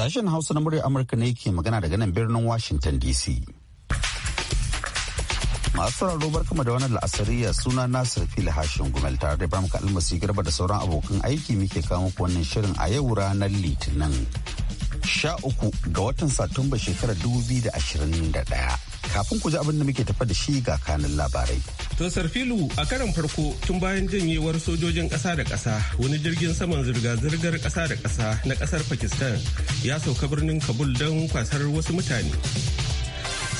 Sashen Hausa na muryar Amurka ne ke magana daga nan birnin Washington DC. Masu sauraro barkama da wannan la'asariya suna Nasir Fili Hashin Gumel tare da Ibrahim Kalmasi Garba da sauran abokan aiki muke kawo muku wannan shirin a yau ranar Litinin. Sha uku ga watan Satumba shekarar 2021. kafin ku ji abin da muke tafa da shi ga kanin labarai. To Sarfilu a karan farko tun bayan janyewar sojojin ƙasa da ƙasa wani jirgin saman zirga-zirgar ƙasa da ƙasa na ƙasar Pakistan ya sauka birnin Kabul don kwasar wasu mutane.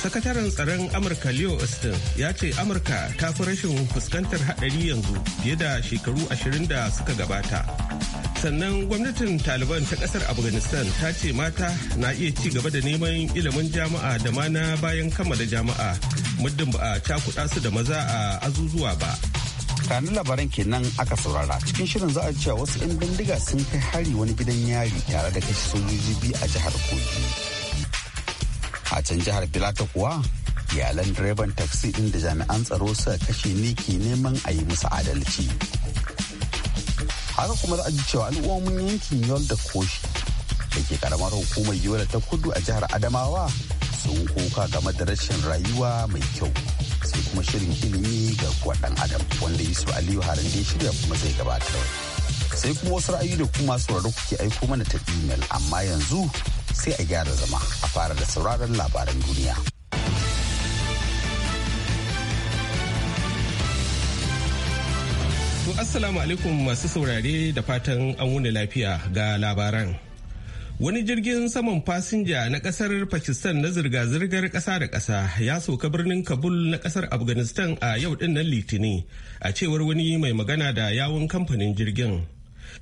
Sakataren tsaron Amurka Leo Austin ya ce Amurka ta fi rashin fuskantar haɗari yanzu fiye da shekaru ashirin da suka gabata. sannan gwamnatin taliban ta kasar afghanistan ta ce mata na iya ci gaba da neman ilimin jama'a da ma na bayan kammala jama'a muddin ba a cakuɗa su da maza a azuzuwa ba kanin labaran kenan aka saurara cikin shirin za a cewa wasu 'yan bindiga sun kai hari wani gidan yari tare da kashe sojoji biyu a jihar kogi a can jihar filata kuwa iyalan direban taksi inda jami'an tsaro suka kashe ne ke neman a yi musu adalci haka kuma za a ji cewa al'ummomin yankin yol da koshi da ke karamar hukumar yola ta kudu a jihar adamawa sun kuka game da rashin rayuwa mai kyau sai kuma shirin ilimi ga dan adam wanda yusuf aliyu harin da ya shirya kuma zai gabatar sai kuma wasu ra'ayi da kuma sauraro kuke aiko mana ta imel amma yanzu sai a gyara zama a fara da sauraron labaran duniya. To Assalamu alaikum masu saurare da fatan an wuni lafiya ga labaran. Wani jirgin saman fasinja na kasar Pakistan na zirga-zirgar kasa da kasa ya soka birnin Kabul na kasar Afghanistan a yau dinnan Litini a cewar wani mai magana da yawon kamfanin jirgin.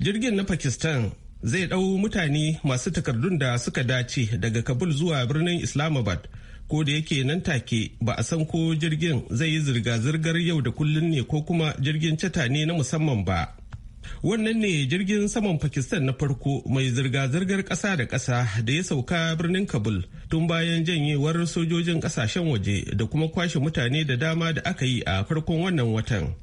Jirgin na Pakistan zai dau mutane masu takardun da suka dace daga Kabul zuwa birnin Islamabad. ko da yake nan take ba a san ko jirgin zai yi zirga-zirgar yau da kullun ne ko kuma jirgin cata ne na musamman ba wannan ne jirgin saman pakistan na farko mai zirga-zirgar ƙasa da ƙasa da ya sauka birnin kabul tun bayan janyewar sojojin ƙasashen waje da kuma kwashe mutane da dama da aka yi a farkon wannan watan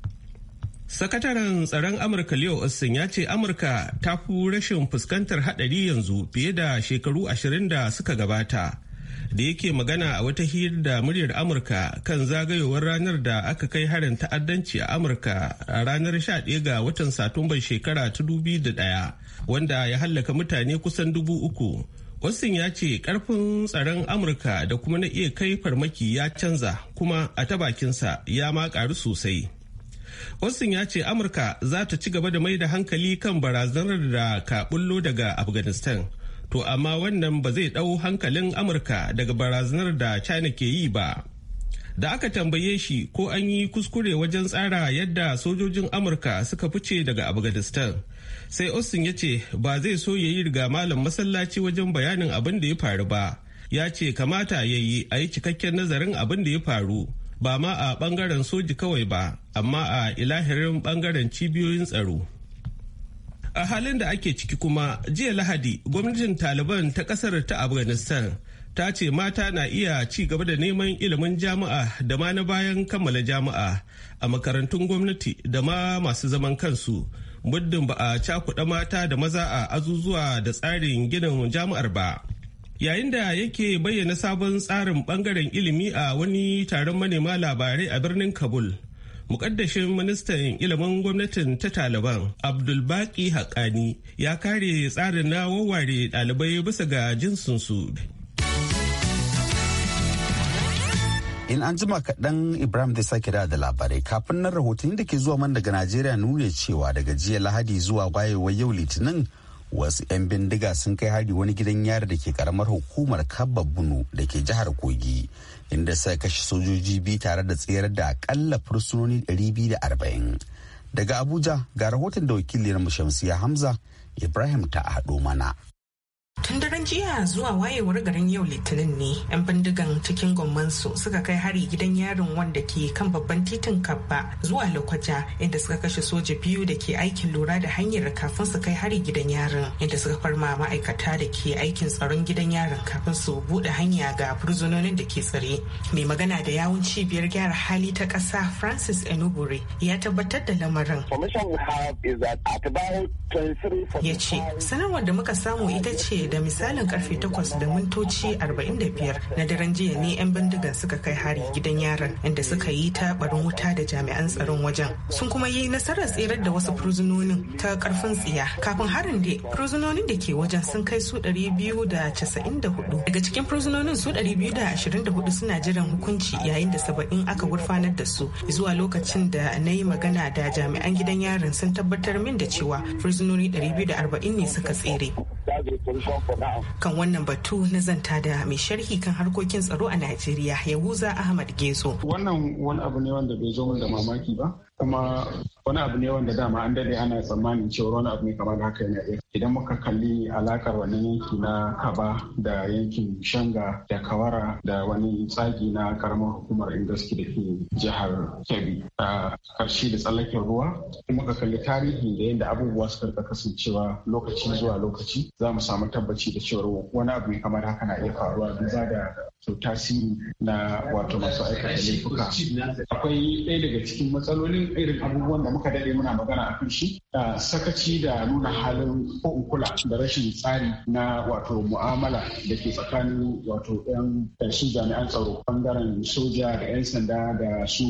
Sakataren tsaron Amurka Leo Austin ya ce Amurka ta fi rashin fuskantar haɗari yanzu fiye da shekaru ashirin da suka gabata da yake magana a wata hira da muryar amurka kan zagayowar ranar da aka kai harin ta'addanci a amurka a ranar 11 ga watan satumbar shekara ta ɗaya, wanda ya hallaka mutane kusan dubu uku Austin ya ce karfin tsaron amurka da kuma na iya kai farmaki ya canza kuma a ta bakinsa ya ma karu sosai Austin ya ce amurka za ta ci gaba da mai da hankali kan barazanar da ka daga afghanistan to amma wannan ba zai ɗau hankalin amurka daga barazanar da china ke yi ba da aka tambaye shi ko an yi kuskure wajen tsara yadda sojojin amurka suka fice daga afghanistan sai austin ya ce ba zai so ya yi riga malam masallaci wajen bayanin abin da ya faru ba ya ce kamata ya yi a yi cikakken nazarin abin da ya faru ba ma a ɓangaren soji kawai ba amma a ilahirin ɓangaren cibiyoyin tsaro a halin da ake ciki kuma jiya lahadi gwamnatin taliban ta kasar ta afghanistan ta ce mata na iya ci gaba da neman ilimin jama'a da ma na bayan kammala jama'a a makarantun gwamnati da ma masu zaman kansu muddin ba a cakuɗa mata da maza a azuzuwa da tsarin ginin jama'ar ba yayin da yake bayyana sabon tsarin bangaren ilimi a wani taron manema labarai a birnin kabul Mukaddashin ministan ilimin gwamnatin ta Taliban Abdulbaki Haƙani ya kare tsarin na wawware ɗalibai bisa ga jinsinsu. In an jima kaɗan Ibrahim zai sake da da labarai kafin nan rahoton da ke zuwa man daga Najeriya nuna cewa daga jiya Lahadi zuwa wayewar yau Litinin wasu 'yan bindiga sun kai hari wani gidan yari da ke karamar hukumar kabba bunu da ke jihar kogi inda sai kashe sojoji biyu tare da tsayar da akalla fursunoni 240 daga abuja ga rahoton da wakiliyar shamsiya hamza ibrahim ta haɗo mana Tun daren jiya zuwa wayewar garin yau litinin ne 'yan bindigan cikin gommansu suka kai hari gidan yarin wanda ke kan babban titin kabba zuwa lokaja inda suka kashe soja biyu da ke aikin lura da hanyar kafin su kai hari gidan yarin inda suka farma ma'aikata da ke aikin tsaron gidan yarin kafin su buɗe hanya ga fursunonin da ke tsare. Mai magana da yawun cibiyar gyara hali ta ƙasa Francis Enubure ya tabbatar da lamarin. Ya ce sanarwar da muka samu ita ce da misalin karfe 8 da mintoci 45 na daren jiya ne 'yan bindigan suka kai hari gidan yaron inda suka yi ta barin wuta da jami'an tsaron wajen. Sun kuma yi nasarar tserar da wasu fursunonin ta karfin tsiya. Kafin harin da fursunonin da ke wajen sun kai su 294. Daga cikin fursunonin su 224 suna jiran hukunci yayin da saba'in aka gurfanar da su zuwa lokacin da na yi magana da jami'an gidan yarin sun tabbatar min da cewa fursunoni 240 ne suka tsere. Kan wannan batu na zanta da mai sharhi kan harkokin tsaro a Najeriya Yahuza Ahmad Gezo. Wannan wani abu ne wanda bai zo da mamaki ba. kuma wani abu ne wanda dama an dade ana tsammanin cewa wani abu ne kamar haka yana iya idan muka kalli alakar wannan yanki na kaba da yankin shanga da kawara da wani tsagi na karamar hukumar ingaski da ke jihar kebbi a karshe da tsallaken ruwa kuma muka kalli tarihi da yadda abubuwa suka rika kasancewa lokaci zuwa lokaci za mu samu tabbaci da cewa wani abu ne kamar haka na iya faruwa duba da tasiri na wato masu aikata laifuka akwai ɗaya daga cikin matsalolin akwai irin abubuwan da muka dade muna magana a kan shi sakaci da nuna halin ko kula da rashin tsari na wato mu'amala da ke tsakanin wato yan su jami'an tsaro bangaren soja da yan sanda da su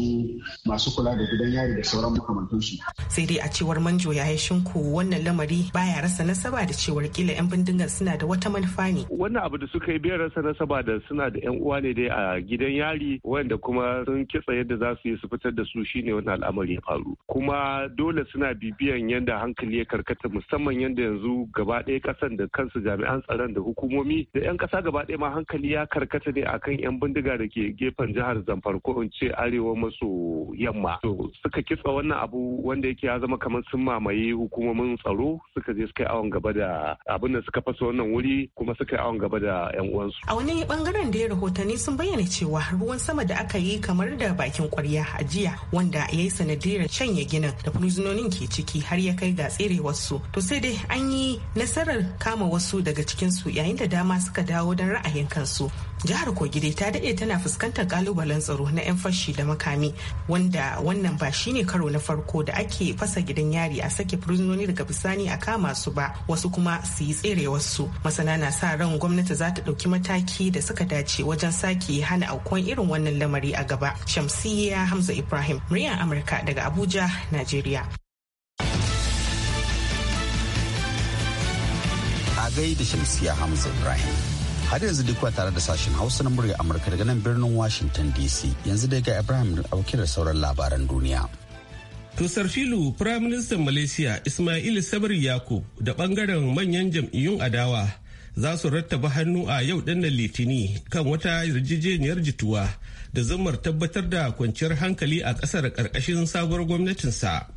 masu kula da gidan yari da sauran su. sai dai a cewar manjo ya yi shinku wannan lamari baya rasa nasaba da cewar kila yan bindigan suna da wata manufa ne. wannan abu da suka yi bai rasa nasaba da suna da yan uwa ne dai a gidan yari wanda kuma sun kitsa yadda za su yi su fitar da su shine wannan al'amari al'amari faru kuma dole suna bibiyan yadda hankali ya karkata musamman yadda yanzu gaba ɗaya ƙasan da kansu jami'an tsaron da hukumomi da 'yan kasa gaba ɗaya ma hankali ya karkata ne akan 'yan bindiga da ke gefen jihar zamfara ko in ce arewa maso yamma to suka kitsa wannan abu wanda yake ya zama kamar sun mamaye hukumomin tsaro suka je suka yi awon gaba da abin da suka fasa wannan wuri kuma suka yi awon gaba da 'yan uwansu a wani bangaren da ya rahotanni sun bayyana cewa ruwan sama da aka yi kamar da bakin kwarya a jiya wanda ya yi sanadirar shanye ginin da fursunonin ke ciki har ya kai ga tserewarsu to sai dai an yi nasarar kama wasu daga cikinsu yayin da dama suka dawo don ra'ayin kansu jihar kogide ta daɗe tana fuskantar kalubalen tsaro na 'yan fashi da makami wanda wannan ba shine karo na farko da ake fasa gidan yari a sake fursunoni daga bisani a kama su ba wasu kuma su yi tserewarsu masana na sa ran gwamnati za ta ɗauki mataki da suka dace wajen sake hana aukuwan irin wannan lamari a gaba shamsiyya hamza ibrahim muryar amurka daga Abuja, Najeriya. A gaida Shamsiya Hamza Ibrahim. Har yanzu duk tare da sashen Hausa na murya Amurka daga nan birnin Washington DC yanzu daga Ibrahim dauke da sauran labaran duniya. Tusar filu Firaministan Malaysia Ismail Sabri Yakub da bangaren manyan jam'iyyun adawa za su rattaba hannu a yau dinnan litini kan wata yarjejeniyar jituwa da zammar tabbatar da kwanciyar hankali a ƙasar ƙarƙashin sabuwar gwamnatinsa.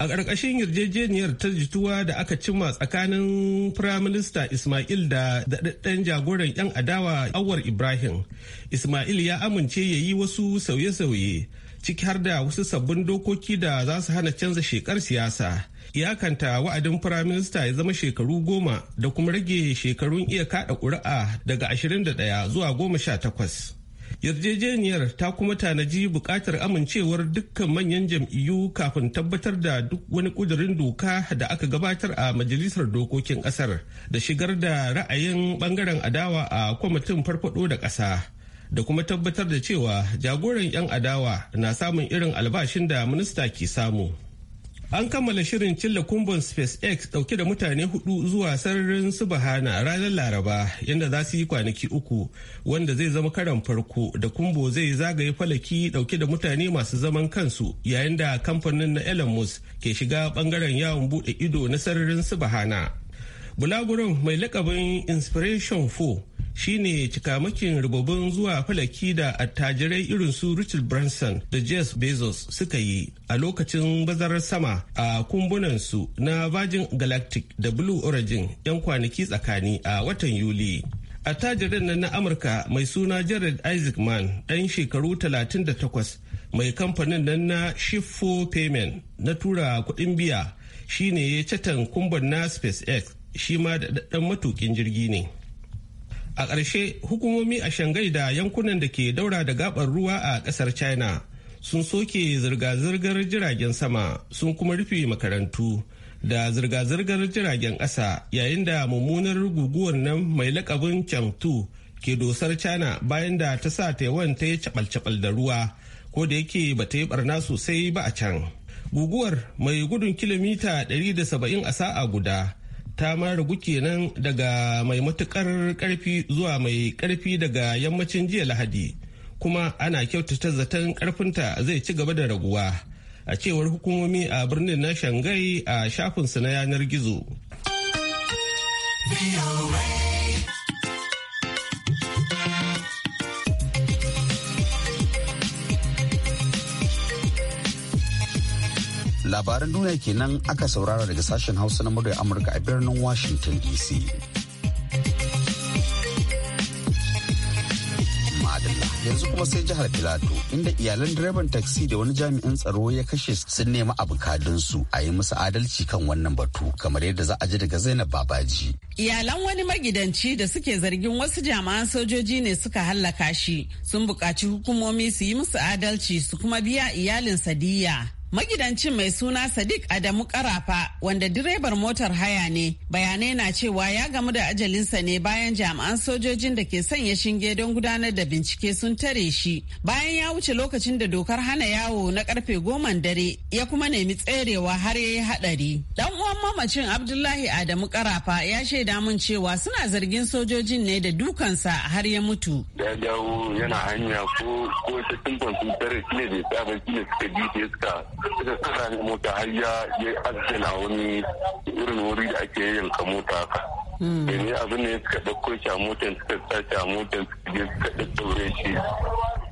A ƙarƙashin yarjejeniyar ta jituwa da aka cimma tsakanin Firaminista Ismail da daɗaɗɗen jagoran 'yan adawa Awar Ibrahim, Ismail ya amince ya yi wasu sauye-sauye, ciki har da wasu sabbin dokoki da za su hana canza shekar siyasa. Iyakanta wa'adin Firaminista ya zama shekaru goma da kuma rage shekarun iya kaɗa ƙuri'a daga 21 zuwa 18. yarjejeniyar ta kuma tanaji bukatar amincewar dukkan manyan jam'iyyu kafin tabbatar da duk wani ƙudurin doka da aka gabatar a majalisar dokokin kasar da shigar da ra'ayin bangaren adawa a kwamitin farfado da ƙasa da kuma tabbatar da cewa jagoran 'yan adawa na samun irin albashin da minista ke samu. An kammala shirin cilla kumbon SpaceX dauke da mutane hudu zuwa sararin su bahana ranar Laraba yadda za su yi kwanaki uku wanda zai zama karan farko da kumbo zai zagaye falaki dauke da mutane masu zaman kansu yayin da kamfanin na Elon Musk ke shiga bangaren yawon bude ido na sararin su bahana. Bulaguron mai lakabin Inspiration 4 shine cikamakin rububin zuwa falaki da attajirai irin su Richard Branson da Jeff Bezos suka yi a lokacin bazarar sama a kumbunan su na Virgin Galactic da Blue Origin 'yan kwanaki tsakani a watan Yuli. Attajirin nan na Amurka mai suna Jared Isaacman ɗan shekaru 38 mai kamfanin nan na Shifo Payment na tura kuɗin biya shine ya catan kumbar na SpaceX shi ma da matukin jirgi ne. a ƙarshe hukumomi a shangai da yankunan da ke daura da gabar ruwa a ƙasar china sun soke zirga-zirgar jiragen sama sun kuma rufe makarantu da zirga-zirgar jiragen ƙasa yayin da mummunar guguwar nan mai lakabin changtu ke dosar china bayan da ta sa taiwan ta yi cabal-cabal da ruwa ko da yake ba ta yi barna sosai ba a can guguwar mai gudun kilomita 170 a sa'a guda ta maragu kenan daga mai matukar karfi zuwa mai karfi daga yammacin jiya lahadi kuma ana kyautata zaton karfinta zai ci gaba da raguwa a cewar hukumomi a birnin na shangai a shafinsu na yanar gizo. labaran duniya kenan aka saurara daga sashen hausa na murya amurka a birnin washington dc yanzu kuma sai jihar filato inda iyalan direban taxi da wani jami'in tsaro ya kashe sun nemi abukadinsu a yi musu adalci kan wannan batu kamar yadda za a ji daga zainab babaji iyalan wani magidanci da suke zargin wasu jami'an sojoji ne suka hallaka shi sun buƙaci hukumomi su yi musu adalci su kuma biya iyalin sadiya Magidancin mai suna Sadiq Adamu Karafa wanda direbar motar haya ne bayanai na cewa ya gamu da ajalinsa ne bayan jami'an sojojin da ke sanya shinge don gudanar da bincike sun tare shi bayan ya wuce lokacin da dokar hana yawo na karfe goman dare ya kuma nemi tserewa har ya yi hadari. Dan uwan mamacin Abdullahi Adamu Karafa ya shaida mun cewa suna zargin sojojin ne da dukansa har ya mutu. Da dawo yana hanya ko ko ta tumfan sun tare shi ne bai tsaya ba shi ne suka bi suka da mota har ya azzana wani irin wuri da ake yanka mota haka Mm. ne abin ne suka ɗauko shi a motar suka sa shi a motar suka je suka ɗaɗɗaure shi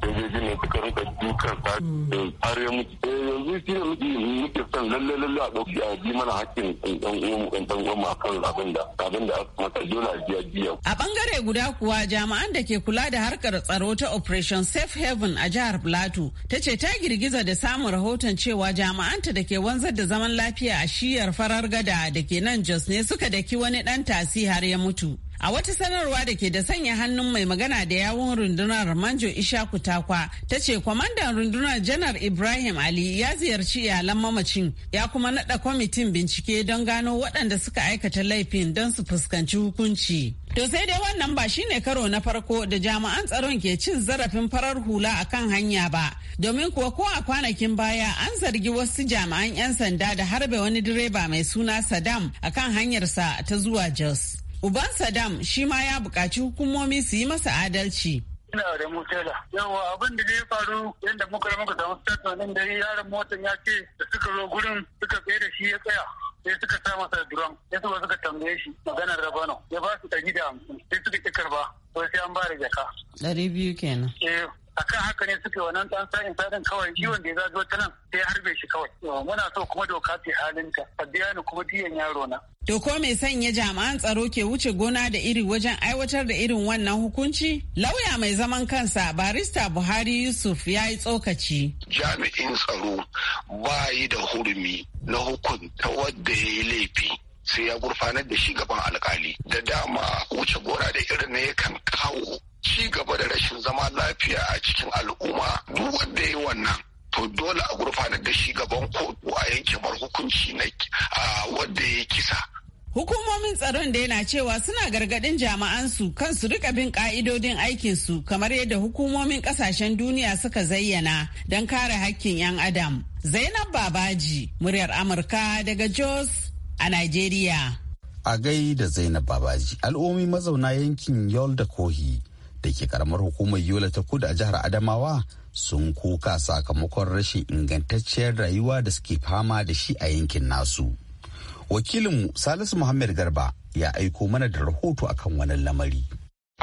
sojoji ne suka rinka dukan sa mm. har ya mutu eh, yanzu shi ne muke son lalle lalle a ɗauki a bi mana hakkin ɗan uwan ɗan a kan abin da abin da aka mata dole a biya biya. A bangare guda kuwa jami'an da ke kula da harkar tsaro ta Operation Safe Haven a jihar Plateau ta ce ta girgiza da samun rahoton cewa jami'anta da ke wanzar da zaman lafiya a shiyar farar gada da ke nan Jos ne suka daki wani ɗan tasiri. Masi har ya mutu. A wata sanarwa da ke da sanya hannun mai magana da yawun rundunar Manjo Ishaku Takwa ta ce kwamandan rundunar Janar Ibrahim Ali ya ziyarci iyalan mamacin ya kuma naɗa kwamitin bincike don gano waɗanda suka aikata laifin don su fuskanci hukunci. To sai dai wannan ba shine karo na farko da jami'an tsaron ke cin zarafin farar hula a kan hanya ba. Domin kuwa ko a kwanakin baya an zargi wasu jami'an 'yan sanda da harbe wani direba mai suna sadam a kan hanyarsa ta zuwa Jos. Uban Saddam shi ma ya buƙaci hukumomi su yi masa adalci. ina da mutela yawa abin da ya faru yadda muka muka samu statement din da yaron motan ya ce da suka zo gurin suka tsaye da shi ya tsaya sai suka sa masa drum sai ba suka tambaye shi maganar rabano ya ba su ɗari da hamsin sai suka ƙi karba to sai an ba da jaka. ɗari biyu kenan. Eh, akan haka ne suke wannan dan sa'in sa'in kawai shi da ya zo ta nan sai harbe shi kawai muna so kuma doka ce halinta a biya ni kuma diyan yaro na To ko mai sanya jami'an tsaro ke wuce gona da iri wajen aiwatar da irin wannan hukunci? Lauya mai zaman kansa barista Buhari Yusuf ya yi tsokaci. Jami'in tsaro ba yi da hurumi na hukunta wadda ya yi laifi. sai ya gurfanar da shi gaban alkali da dama wuce gona da irin ne yakan kawo ci gaba da rashin zama lafiya a cikin al'umma duk wanda ya wannan to dole a gurfanar da shi gaban kotu a yanke mar hukunci na wanda ya kisa Hukumomin tsaron da yana cewa suna gargaɗin jama'ansu kan su rika bin ƙa'idodin aikinsu kamar yadda hukumomin kasashen duniya suka zayyana don kare hakkin 'yan adam. Zainab Babaji, muryar Amurka daga Jos a nigeria. A gai da Zainab Babaji, al'ummi mazauna yankin Yol da Kohi da ke karamar hukumar yola ta kudu a jihar adamawa sun kuka sakamakon rashin ingantacciyar rayuwa da suke fama da shi a yankin nasu wakilinmu salisu muhammad garba ya aiko mana da rahoto akan wani lamari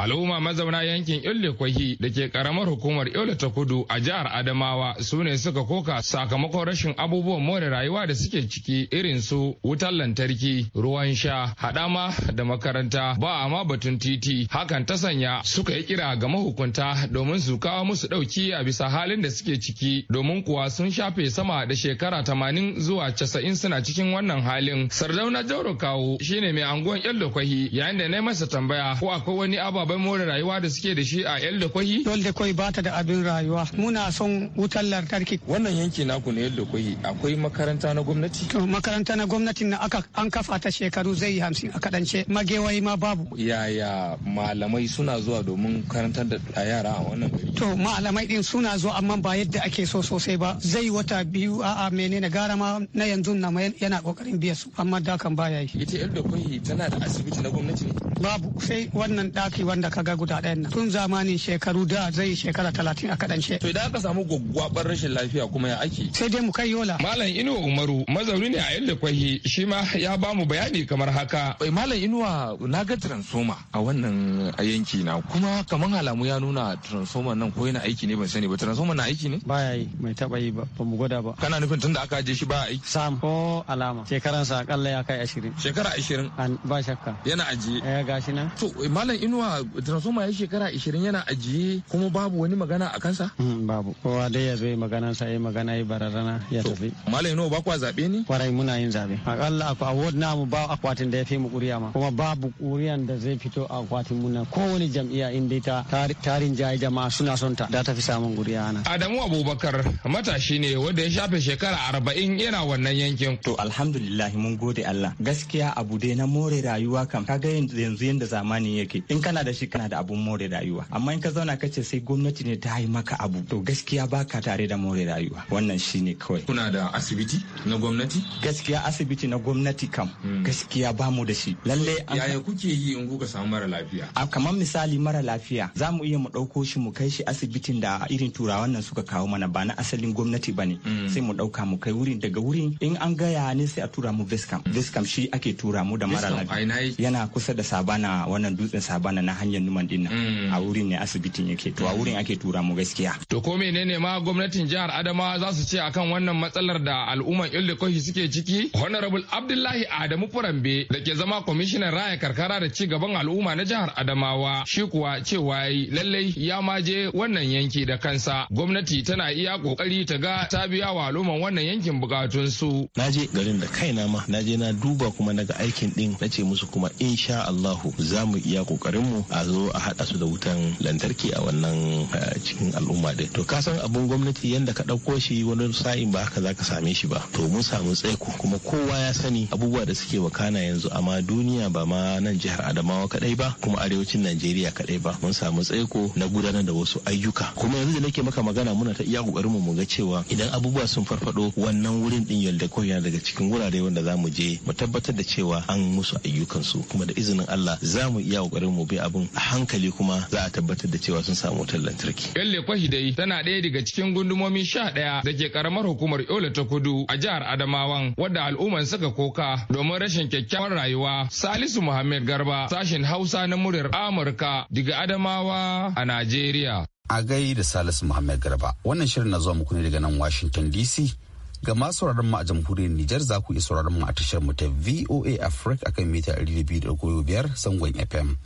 Al'umma mazauna yankin Ille Kwahi da ke karamar hukumar Ille ta Kudu a jihar Adamawa su ne suka koka sakamakon rashin abubuwan more rayuwa da suke ciki irin su wutar lantarki, ruwan sha, haɗama da makaranta ba a ma batun titi. Hakan ta sanya suka yi kira ga mahukunta domin su kawo musu ɗauki a bisa halin da suke ciki domin kuwa sun shafe sama da shekara tamanin zuwa casa'in suna cikin wannan halin. Sardauna Jauro Kawo shine mai anguwan Ille Kwahi yayin da na yi masa tambaya ko akwai wani ababa abin more rayuwa da suke da shi a yalda kwahi? Yalda da kwahi bata da abin rayuwa. Muna son wutar lantarki. Wannan yanki naku na yalda kwahi akwai makaranta na gwamnati? To makaranta na gwamnati na aka an kafa ta shekaru zai yi hamsin a kadance magewayi ma babu. Yaya malamai suna zuwa domin karantar da yara a wannan gari? To malamai din suna zuwa amma ba yadda ake so sosai ba. Zai wata biyu a'a menene gara ma na yanzu na yana kokarin biya su amma dakan baya yi. Ita yalda da kwahi tana da asibiti na gwamnati ne? babu sai wannan daki wanda ka ga guda ɗayan nan tun zamanin shekaru da zai shekara talatin a kaɗance. to idan aka samu gwaggwabar rashin lafiya kuma ya ake. sai dai mu kai yola. malam inuwa umaru mazauni ne a yadda kwahi shi ma ya ba mu bayani kamar haka. malam inuwa na ga transoma a wannan yanki na kuma kamar alamu ya nuna transoma nan ko yana aiki ne ban sani ba transoma na aiki ne. baya yi mai taɓa yi ba ba mu gwada ba. kana nufin tun da aka je shi ba aiki. sam ko alama shekaransa akalla ya kai ashirin. shekara ashirin. ba shakka. yana ajiye. Eh, gashi nan to eh, malam inuwa transformer ya shekara 20 yana ajiye kuma babu wani magana a kansa hmm, babu kowa dai ya zai magana sa magana ya bararana ya tafi malam inuwa ba kwa zabe ne kwarai muna yin zabe akalla akwai award namu ba akwatin da ya fi mu kuriya ma kuma babu kuriyan da zai fito a akwatin mu na kowane jam'iyya in dai ta tarin jaye jama'a suna son ta da ta fi samun kuriya nan Adamu Abubakar matashi ne wanda ya shafe shekara 40 yana wannan yankin to alhamdulillah mun gode Allah gaskiya abu dai na more rayuwa kam kaga yanzu yanzu yanda zamani yake in kana da shi kana da abun more rayuwa amma in ka zauna ka ce sai gwamnati ne ta yi maka abu to gaskiya baka tare da more rayuwa wannan shine kawai kuna da asibiti na gwamnati gaskiya asibiti na gwamnati kam hmm. gaskiya ba mu da shi lalle yaya kuke yi in kuka samu mara lafiya a kamar misali mara lafiya za mu iya mu ɗauko shi mu kai shi asibitin da irin turawa nan suka kawo mana ba na asalin gwamnati ba ne hmm. sai mu ɗauka mu kai wurin daga wurin in an gaya ne sai a tura mu viscam viscam shi ake tura mu da mara lafiya yana kusa da sabon sabana wannan dutsen sabana na hanyar numan din mm. a wurin ne asibitin yake to a wurin ake tura mu gaskiya to ko menene ma gwamnatin jihar adamawa za su ce akan wannan matsalar da al'umman ilikohi suke ciki honorable abdullahi adamu furambe da ke zama kwamishinan raya karkara da ci gaban al'umma na jihar adamawa shi kuwa cewa lallai ya ma je wannan yanki da kansa gwamnati tana iya kokari ta ga ta biya wa al'umman wannan yankin bukatun su naje garin da kaina ma naje na duba kuma naga aikin din nace musu kuma insha Allah Allahu za mu iya kokarin mu a zo a haɗa su da wutan lantarki a wannan eh, cikin al'umma din to kasan abun gwamnati yadda ka ɗauko shi wani sa'in ba haka za ka same shi ba to mun samu tsaiko kuma kowa ya sani abubuwa da suke wakana yanzu amma duniya ba ma nan jihar Adamawa kaɗai ba kuma arewacin Najeriya kaɗai ba mun samu tsaiko na gudanar da wasu ayyuka kuma yanzu da nake maka magana muna ta iya kokarin mu ga cewa idan abubuwa sun farfado wannan wurin ɗin yalda ko yana daga cikin wurare wanda za je mu tabbatar da cewa an musu ayyukan su kuma da izinin Allah Allah za mu iya kokarin mu bi abin a hankali kuma za a tabbatar da cewa sun samu wutar lantarki. Yalle Kwahidai tana ɗaya daga cikin gundumomin sha ɗaya da ke karamar hukumar Yola ta Kudu a jihar Adamawan wadda al'umman suka koka domin rashin kyakkyawar rayuwa. Salisu Muhammad Garba sashen Hausa na muryar Amurka daga Adamawa a Najeriya. A gai da Salisu Muhammad Garba wannan shirin na zuwa muku ne daga nan Washington DC. Ga masu sauraron mu a jamhuriyar Nijar za ku iya sauraron mu a tashar mu ta VOA Africa akan mita biyar sangon FM.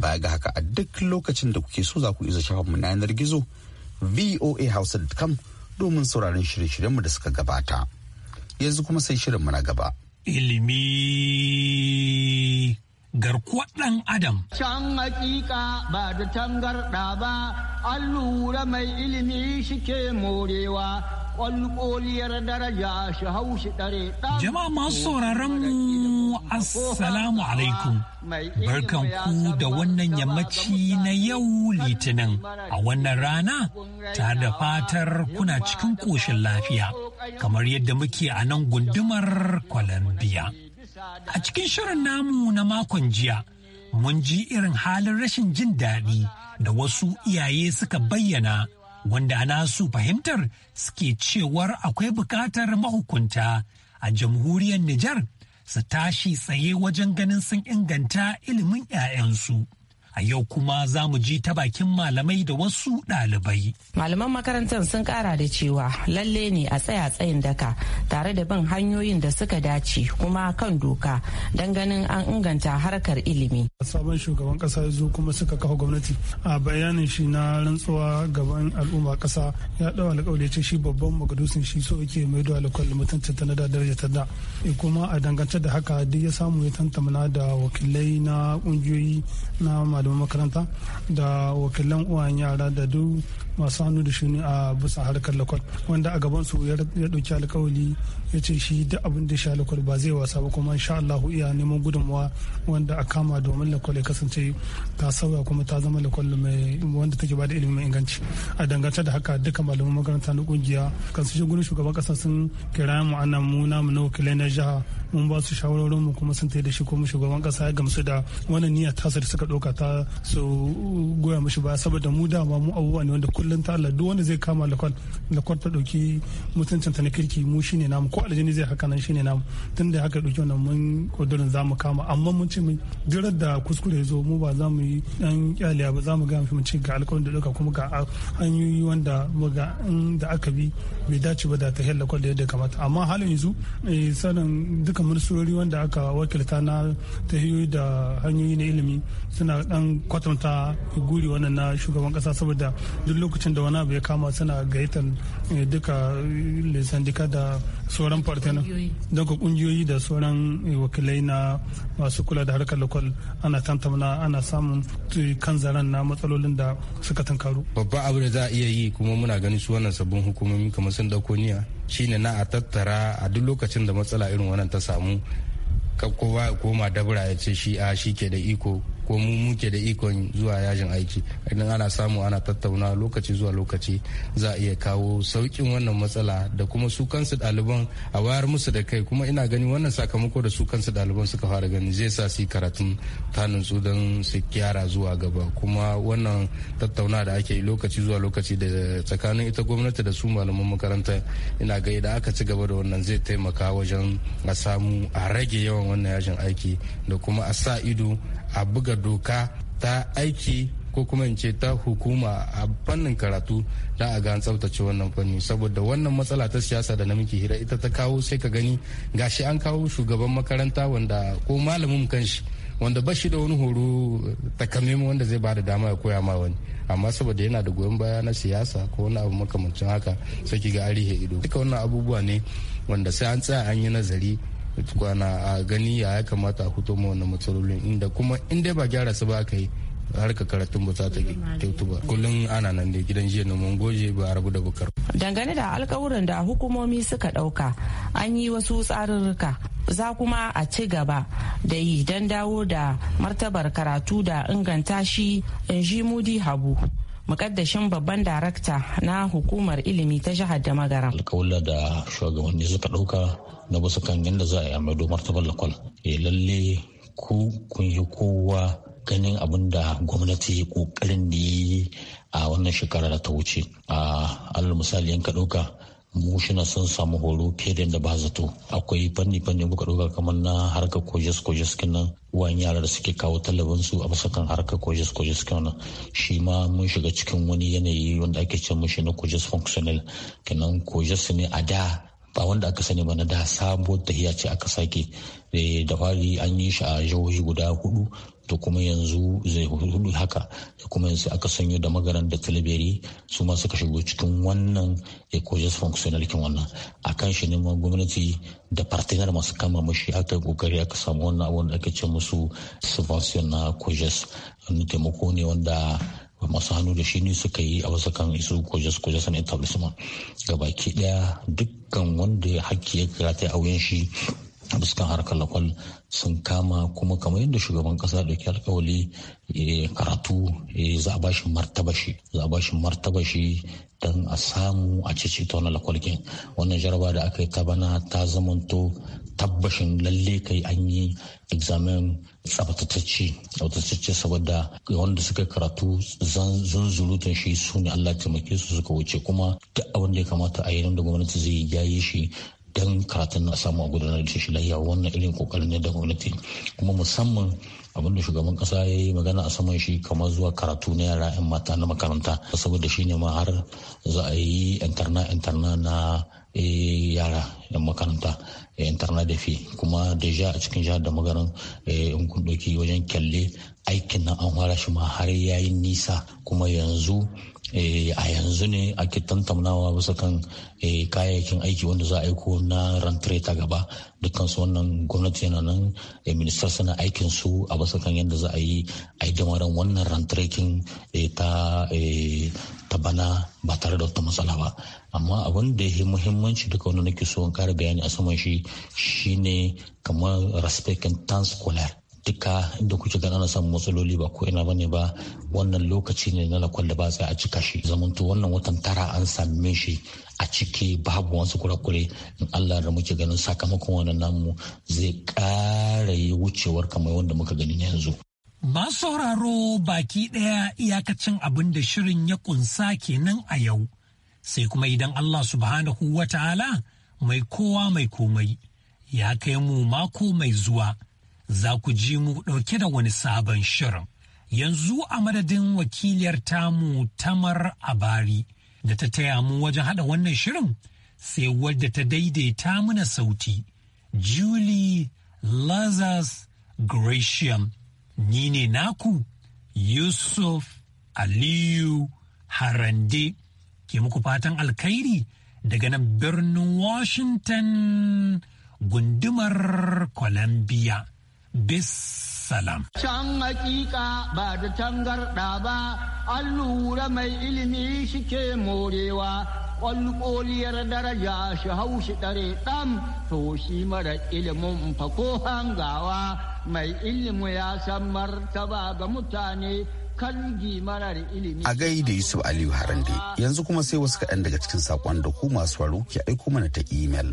Baya ga haka a duk lokacin da kuke so za ku iya shafa mu na yanar gizo kam domin sauraron shirye-shiryen mu da suka gabata. Yanzu kuma sai shirin mu gaba. Ilimi garkuwar ɗan adam. Can hakika ba da tangarɗa ba, an lura mai ilimi shike morewa kwalkoliyar daraja shi hau shi Jama'a masu sauraron mu Assalamu alaikum. Barkan ku da wannan yammaci na yau litinin a wannan rana ta da fatar kuna cikin ƙoshin lafiya kamar yadda muke a nan gundumar kwalambiya. A cikin shirin namu na makon jiya, mun ji irin halin rashin jin daɗi da wasu iyaye suka bayyana wanda a su fahimtar suke cewar akwai bukatar mahukunta a jamhuriyar Nijar su tashi tsaye wajen ganin sun inganta ilimin 'ya'yansu. A yau kuma za mu ji ta bakin malamai da wasu ɗalibai. Malaman makarantar sun kara da cewa lalle ne a tsaya tsayin daka tare da bin hanyoyin da suka dace kuma kan doka don ganin an inganta harkar ilimi. Sabon shugaban ƙasa ya zo kuma suka kafa gwamnati. A bayanin shi na rantsuwa gaban al'umma kasa ya ɗau alƙawari ce shi babban magadusin shi so yake mai da alƙawari mutuncin ta na da daraja ta da. E kuma a dangance da haka duk ya samu ya tantamana da wakilai na ƙungiyoyi na malaman makaranta da wakilan uwayen yara da duk masu hannu da shuni a bisa harkar lakwal wanda a gaban su ya dauki alkawali ya ce shi da abin da sha lakwal ba zai wasa ba kuma insha Allah iya neman gudunmawa wanda a kama domin lakwal ya kasance ta sauya kuma ta zama lakwal mai wanda take bada ilimin mai inganci a dangance da haka duka malaman makaranta na kungiya kan su gurin shugaban kasa sun kira mu ana mu na mu na wakilai na jiha mun ba su shawarorin mu kuma sun taida shi kuma shugaban kasa ya gamsu da wannan niyya tasa da suka dauka ta su goya mishi ba saboda mu dama mu abubuwa ne wanda kullum ta Allah duk wanda zai kama lakwal lakwal ta dauki mutuncin ta na kirki mu shine namu ko aljini zai haka nan shine namu tunda haka dauki wannan mun kudurin za mu kama amma mun ce mun jirar da kuskure ya zo mu ba za mu yi dan kyaliya ba za mu ga mu ce ga alƙawarin da dauka kuma ga hanyoyi wanda mu ga da aka bi bai dace ba da ta hella kwal da yadda kamata amma halin yanzu eh, sanin duka ministrori wanda aka wakilta na ta da hanyoyi na ilimi suna dan kwatanta guri wannan na shugaban kasa saboda duk lokacin da wani abu ya kama suna gaitan eh, duka eh, lisandika da sauran don ka kungiyoyi da sauran eh, wakilai na masu kula da harkar lokal ana tantamna ana samun kan zaren na matsalolin da suka tankaru babba abu da za a iya yi kuma muna ganin su wannan sabbin hukumomi kamar sun dauko niya shine na a tattara a duk lokacin da matsala irin wannan ta samu kowa ya koma dabura ya ce shi a ah, shi ke da iko ko mu muke da ikon zuwa yajin aiki idan ana samu ana tattauna lokaci zuwa lokaci za a iya kawo saukin wannan matsala da kuma su kansu ɗaliban a wayar musu da kai kuma ina gani wannan sakamako da su kansu ɗaliban suka fara gani zai sa su karatun tanin su don su gyara zuwa gaba kuma wannan tattauna da ake lokaci zuwa lokaci da tsakanin ita gwamnati da su malaman makaranta ina ga idan aka ci gaba da wannan zai taimaka wajen a samu a rage yawan wannan yajin aiki da kuma a sa ido a buga doka ta aiki ko kuma in ce ta hukuma a fannin karatu da a ga an tsabtace wannan fanni saboda wannan matsala ta siyasa da na muke hira ita ta kawo sai ka gani gashi an kawo shugaban makaranta wanda ko malamin kanshi wanda ba shi da wani horo takamaimu wanda zai bada da dama ya koya ma wani amma saboda yana da goyon baya na siyasa ko wani abu makamancin haka sai ga arihe ido duka wannan abubuwa ne wanda sai an tsaya an yi nazari tukwana a gani ya kamata a fito ma wannan matsalolin inda kuma in dai ba gyara su ba ka yi ka karatun ba za ta kyautu ba kullum ana nan da gidan jiya na goje ba a rabu da bukar. dangane da alkawuran da hukumomi suka dauka an yi wasu tsarurruka za kuma a ci gaba da yi don dawo da martabar karatu da inganta shi in ji mudi habu mukaddashin babban darakta na hukumar ilimi ta jihar da magara. alƙawla da shugabanni suka ɗauka na basu kan yadda za a yi amai domar ta lakwal ya eh, lalle ku kun yi kowa ganin abin da gwamnati kokarin da yi a wannan shekara da ta wuce a ah, alal misali yanka ɗauka mushina sun samu horo fiye da yadda ba zato akwai fanni fanni muka ɗauka kamar na harkar kojes kojes kinan wani yara da suke kawo talabin su a bisa kan harkar kojes kojes nan shi ma mun shiga cikin wani yanayi wanda ake ce mushi na kojes functional kenan kojes ne a da ba wanda aka sani ba na da sabuwar tahiya ce aka sake eh, da fari an yi shi a jihohi guda hudu To kuma yanzu zai hudu haka da kuma yanzu aka sanyo da magaran da talibiri su ma suka shigo cikin wannan ecojas kin wannan a kan shi neman gwamnati da partner masu kama mashi aka kokari aka samu wannan abun da ake ce musu subvention na kojes wani taimako ne wanda masu hannu da shi ne suka yi a wasu kan isu kojas kojas na ga gabaki daya dukkan wanda hakki ya karata a wuyan shi fuskan harkar lakwal sun kama kuma kamar yadda shugaban kasa da ke alkawali eh, karatu eh, za a bashi martaba shi za a martaba shi don a samu a cici ta wannan lakwalkin wannan jaraba da aka yi ta bana ta zamanto tabbashin lalle kai an yi examen tsabtatacce tsabtatacce saboda wanda suka karatu zan zunzurutun shi su ne Allah taimake su suka wuce kuma duk abin da ya kamata a yi da gwamnati zai yayi shi don karatun na samu a gudanar da shi layya wannan irin kokarin ne da gwamnati kuma musamman abinda shugaban kasa ya yi magana a saman shi kamar zuwa karatu na yara 'yan mata na makaranta saboda shi ne ma har za a yi interna interna na eh, yara 'yan makaranta eh, interna da fi kuma deja a cikin jihar da magaran eh, in kun ɗauki wajen kyalle aikin nan an fara shi ma har ya nisa kuma yanzu Eh, a yanzu ne ake tantaunawa bisa kan eh, kayayyakin aiki wanda za a aiko na rantare ta gaba dukkan su wannan gwamnati yana nan eh, ministan suna aikin su a bisa kan yadda za a yi a yi damarin wannan rantare ta ta bana ba tare da wata matsala ba amma abin da ya muhimmanci duka wanda nake so in kara bayani a saman shi shine kamar respect and duka da kuke gana na samun matsaloli ba ko ina bane ba wannan lokaci ne na lakon da ba sai a cika shi zamanto wannan watan tara an same shi a ciki babu wasu kurakure in Allah da muke ganin sakamakon wannan namu zai ƙara yi wucewar kamar wanda muka gani yanzu. Ba sauraro baki ɗaya iyakacin abin da shirin ya kunsa kenan a yau, sai kuma idan Allah subhanahu wataala mai kowa mai komai ya kai mu mako mai zuwa. za ku ji mu ɗauke da wani sabon shirin. Yanzu a madadin wakiliyar tamu Tamar Abari da ta taya mu wajen haɗa wannan shirin sai wadda ta daidaita mana sauti. Julie Lazarus Gratiam ni ne naku Yusuf Aliyu Harande ke muku fatan alkhairi daga nan birnin Washington gundumar Columbia. salam. Can hakika ba da tangarɗa ba, an lura mai ilimi shike morewa, ƙwalƙoliyar daraja shi haushi ɗare ɗan, to shi mara ilimin fako hangawa, mai ilimi ya san martaba ga mutane. A da Yusuf Aliyu Harande yanzu kuma sai wasu kaɗan daga cikin saƙon da ku masu waro ke aiko mana ta imel.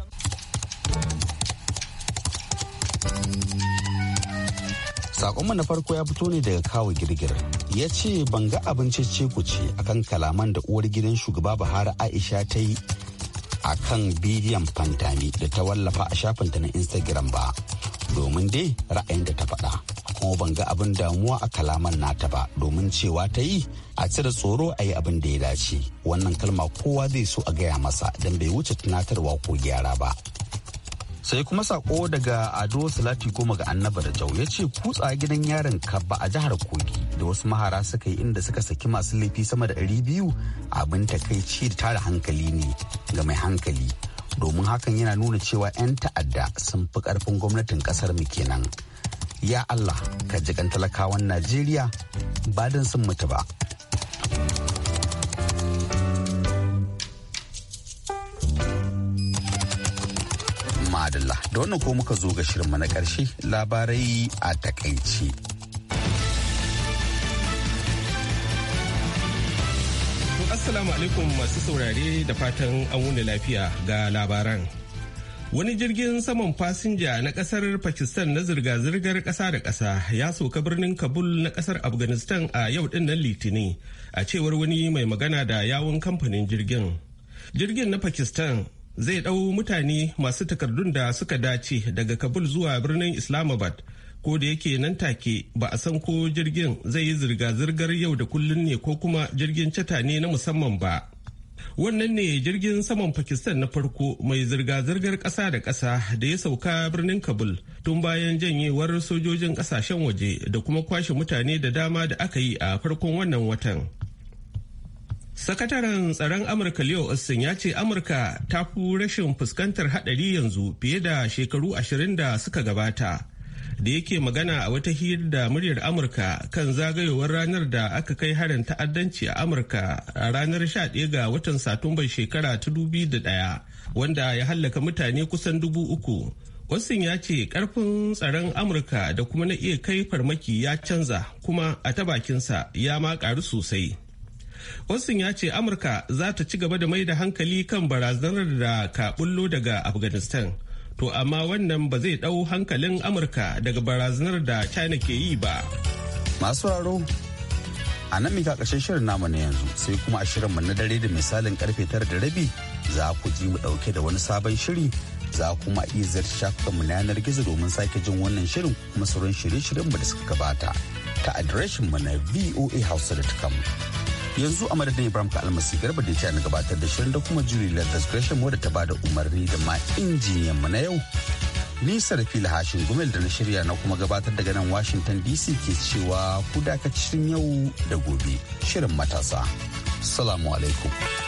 Sakonmu na farko ya fito ne daga kawo girgir. Ya ce ban ga abinci ce ku ce akan kalaman da uwar gidan shugaba Buhari Aisha ta yi a kan bidiyon fantami da ta wallafa a shafinta na Instagram ba. Domin dai ra'ayin da ta faɗa. Kuma ban ga abin damuwa a kalaman nata ba domin cewa ta yi a cire tsoro a yi abin da ya dace. Wannan kalma kowa zai so a gaya masa don bai wuce tunatarwa ko gyara ba. sai kuma sako daga ado salati goma ga annaba da jau ya ce kutsa gidan yarin kabba a jihar kogi da wasu mahara suka yi inda suka saki masu laifi sama da ɗari biyu abin takaici da tara hankali ne ga mai hankali domin hakan yana nuna cewa 'yan ta'adda sun fi karfin gwamnatin kasar mu kenan ya allah ka jikan talakawan najeriya ba don sun mutu ba Madalla. Da wannan ko muka zo ga shirinmu na ƙarshe labarai a takaice. Assalamu alaikum masu saurare da fatan an wuni lafiya ga labaran. Wani jirgin saman fasinja na kasar Pakistan na zirga-zirgar kasa da kasa ya soka birnin Kabul na kasar Afghanistan a yau din nan Litinin, a cewar wani mai magana da yawon kamfanin jirgin. Jirgin na Pakistan zai ɗau mutane masu takardun da suka dace daga kabul zuwa birnin islamabad ko da yake nan take ba a san ko jirgin zai yi zirga-zirgar yau da kullun ne ko kuma jirgin cata ne na musamman ba wannan ne jirgin saman pakistan na farko mai zirga-zirgar ƙasa da ƙasa da ya sauka birnin kabul tun bayan janyewar sojojin ƙasashen waje da kuma kwashe mutane da dama da aka yi a farkon wannan watan Sakataren tsaron Amurka Leo Austin ya ce Amurka ta fi rashin fuskantar haɗari yanzu fiye da shekaru ashirin da suka gabata. Da yake magana a wata hira da muryar Amurka kan zagayowar ranar da aka kai harin ta'addanci a Amurka a ranar 11 ga watan Satumbar shekara ta da ɗaya, wanda ya hallaka mutane kusan dubu uku. Austin ya ce karfin tsaron Amurka da kuma na iya kai farmaki ya canza kuma a ta bakinsa ya ma ƙaru sosai. Austin ya ce Amurka za ta ci gaba da mai da hankali kan barazanar da ka bullo daga Afghanistan. To amma wannan ba zai ɗau hankalin Amurka daga barazanar da China ke yi ba. Masu raro a nan mika ƙarshen shirin namu na yanzu sai kuma a shirin mu na dare da misalin karfe tara da rabi za ku ji mu ɗauke da wani sabon shiri za kuma iya zarta mu na yanar gizo domin sake jin wannan shirin kuma sauran shirye mu da suka gabata ta mu na voa voahausa.com yanzu a madadin ibrahim ka almasi garba da ta na gabatar da shirin da kuma juri ladas gresham wadda ta bada umarni da ma injiniyan mu na yau ni da lahashin hashin gumel da na shirya na kuma gabatar daga nan washington dc ke cewa ku dakacin yau da gobe shirin matasa salamu alaikum